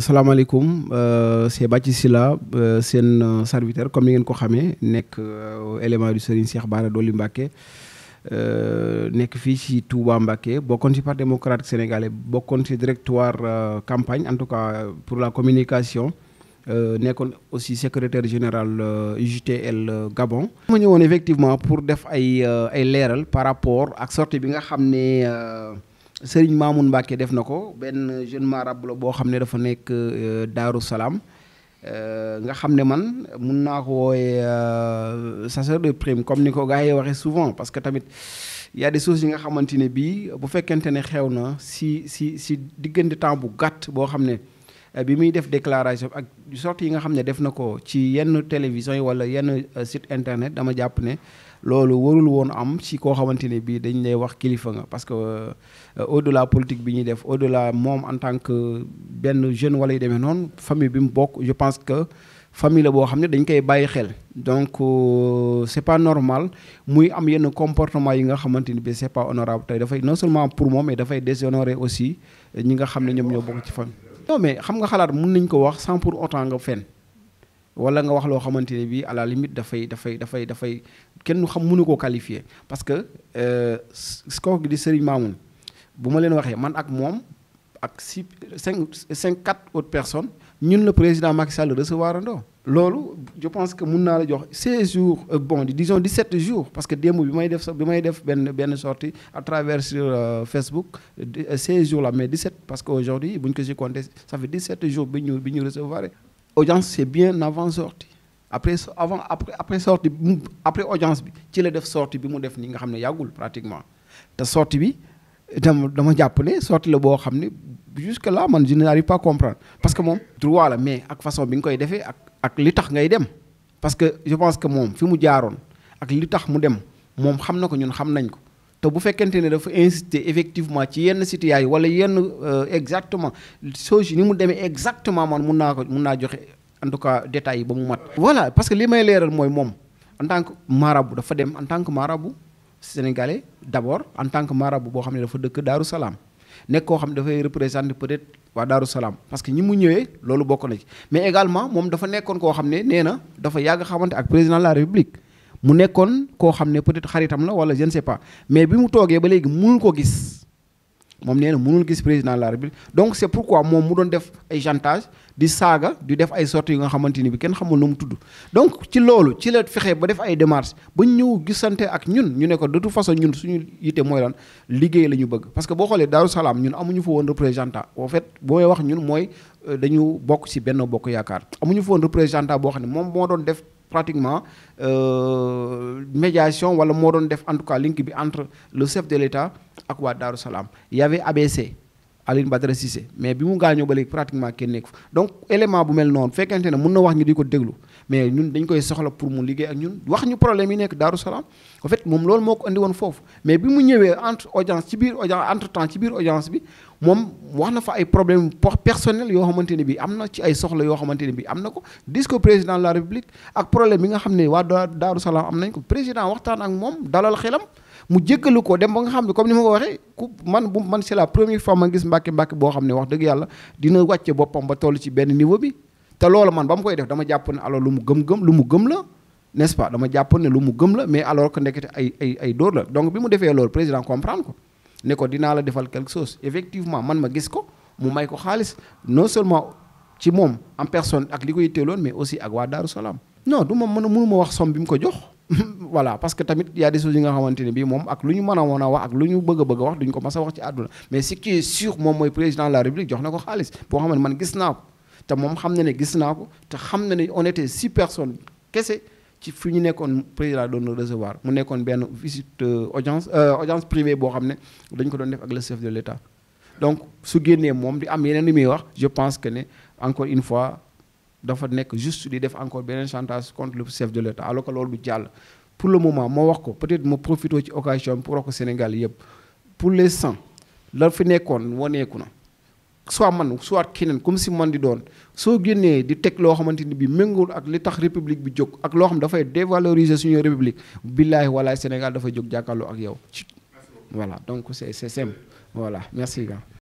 salaamaaleykum euh, c'est Bathie Sylla euh, seen euh, serviteur comme ni ngeen ko xamee nekk élément du Serigne Cheikh Bara Dolly Mbacké nekk fii ci Touba Mbacké bokkoon si parti démocratique sénégalais bokkoon si directoire campagne en tout cas pour la communication nekkoon aussi secrétaire général UJTL Gabon. ma ñëwoon effectivement pour def ay ay leeral par rapport ak sorti bi nga xam ne. sëriñ Mamoun Mbacke def na ko benn jeunement marabout la boo xam ne dafa nekk euh, Daaru Salaam euh, nga xam ne man mun naa ko wooye euh, chasseur de prime comme ni ko gars yi waxee souvent parce que tamit y a yi nga xamante ne bii bu fekkente ne xew na si si si diggante temps bu gàtt boo xam ne bi muy def déclaration ak sorte yi nga xam ne def na ko ci yenn télévision yi wala yenn site internet dama jàpp ne loolu warul woon am si koo xamante ne bii dañ lay wax kilifa nga parce que euh, au la politique bi ñuy def au la moom en tant que benn jeune wala yu demee noonu famille bi mu bokk je pense que famille la boo xam ne dañ koy bàyyi xel donc euh, c'est pas normal muy am yenn comportement yi nga xamante ni bi c'est pas honorable tey dafay non seulement pour moom mais dafay déshonorer aussi ñi nga xam ne ñoom ñoo bokk ci famille non mais xam nga xalaat mun nañ ko wax sans pour autant nga fen wala nga wax loo xamante ne bii à la limite dafay dafay dafay dafay kenn xam mënu koo qualifier parce que euh, kooku di Serigne Mamoun bu ma leen waxee man ak moom ak six cinq cinq quatre autres personne ñun la président Macky Sall recevoir andoo loolu je pense que mun naa la jox 16 jours euh, bon disons 17 jours parce que démb bi may def sa bi may def benn benn sortie à travers sur euh, Facebook 16 jours la mais 17 parce que aujourd'hui bu ñu ko si compté ça fait 17 jours bi ñu bi ñu recevoir audience c'est bien avant sortie après avant après après sortie bi après audience bi ci la def sortie bi mu def ni nga xam ne yàggul pratiquement te sortie bi dama dama jàpp ne sortie la boo xam ne jusque là man je n'arrive pas à comprendre parce que moom droit la mais ak façon bi nga koy defee ak ak li tax ngay dem parce que je pense que moom fi mu jaaroon ak li tax mu dem moom xam na ko ñun xam nañ ko te bu fekkente ne dafa insister effectivement ci yenn situation yi wala yenn euh, exactement chose ni mu demee exactement man mun naa ko mun naa joxe en tout cas détails yi ba mu mat. voilà parce que li may leeral mooy moom en tant que marabu dafa dem en tant que marabu sénégalais d'abord en tant que marabu boo xam ne dafa dëkk Daaru Salaam nekk koo xam ne dafay représenter peut-être waa Daaru Salaam parce que ñi mu ñëwee loolu bokk na ci mais également moom dafa nekkoon koo xam ne nee na dafa yàgg xamante ak président la République. mu nekkoon koo xam ne peut-être xaritam la wala je ne sais pas mais bi mu toogee ba léegi mu mënul ko gis moom nee na mënul gis président de la République donc c'est pourquoi moom mu doon def ay chantage di saaga di def ay sorties yu nga xamante ni bi kenn xamul nu mu tudd donc ci loolu ci la fexe ba def ay démarches ba ñëw gisante ak ñun ñu ne ko de toute façon ñun suñu yitte mooy lan liggéey la bëgg parce que boo xoolee Darou Salaam ñun amuñu fa woon représentant en fait boo may ñun mooy euh, dañu bokk ci benn bokk yaakaar amuñu fa woon boo xam ne moom moo doon def pratiquement euh, médiation wala moo doon def en tout cas link bi entre le chef de l'État ak waa Daaru Salaam y Alioune Badara Cissé mais bi mu gaañoo ba léegi pratiquement kenn nekk fa donc élément bu mel noonu fekkente ne mun na wax ñu di ko déglu mais ñun dañ koy soxla pour mu liggéey ak ñun wax ñu problème yi nekk Daaru Salaam en moom loolu moo ko andi woon foofu mais bi mu ñëwee entre audience ci biir audience entre temps biir audience bi moom wax na fa ay problème personnel yoo xamante ne bi am na ci ay soxla yoo xamante ne bi am na ko discours président de la république ak problème bi nga xam ne waa Daaru Salaam am nañ ko président waxtaan ak moom dalal xelam mu jéggalu ko dem ba nga xam ne comme ni ma ko waxee ku man bu man c'est la première fois ma gis Mbàkke Mbàkke boo xam ne wax dëgg yàlla dina wàcce boppam ba toll ci benn niveau bi te loolu man ba mu koy def dama jàpp ne alors lu mu gëm-gëm lu mu gëm la n'est-ce pas dama jàpp ne lu mu gëm la mais alors que ndekete ay ay ay dóor la donc bi mu defee loolu président comprendre ko ne ko dinaa la defal quelque chose effectivement man ma gis ko mu may ko xaalis non seulement ci moom en personne ak li ko yitteeloon mais aussi ak waa Daaru Salaam non ma wax somme bi mu ko jox voilà parce que tamit y a des choses yi nga xamante ne bii moom ak lu ñu mën a woon a wax ak lu ñu bëgg a bëgg a wax duñ ko mas a wax ci àdduna mais ce qui est moom mooy président de la république jox na ko xaalis boo xam ne man gis naa ko te moom xam na ne gis naa ko te xam na ne on était six personnes kese ci fu ñu nekkoon président doon recevoir mu nekkoon benn visite euh, audience euh, audience privée boo xam ne dañ ko doon def ak le chef de l' donc su génnee moom di am yeneen li muy wax je pense que ne encore une fois dafa nekk juste di def encore beneen chantage contre le chef de l' loolu du jàll pour le moment moo wax ko peut-être ma profité ci occasion pour wax ko Sénégal yëpp pour le l'instant la fi nekkoon waneeku na soit man soit keneen comme si man di doon soo génnee di teg loo xamante ni bi méngul ak li tax république bi jóg ak loo xam dafay dévaloriser suñu république billaahi walaay Sénégal dafay jóg jàkkaarloo ak yow voilà donc c'est c'est simple voilà merci gars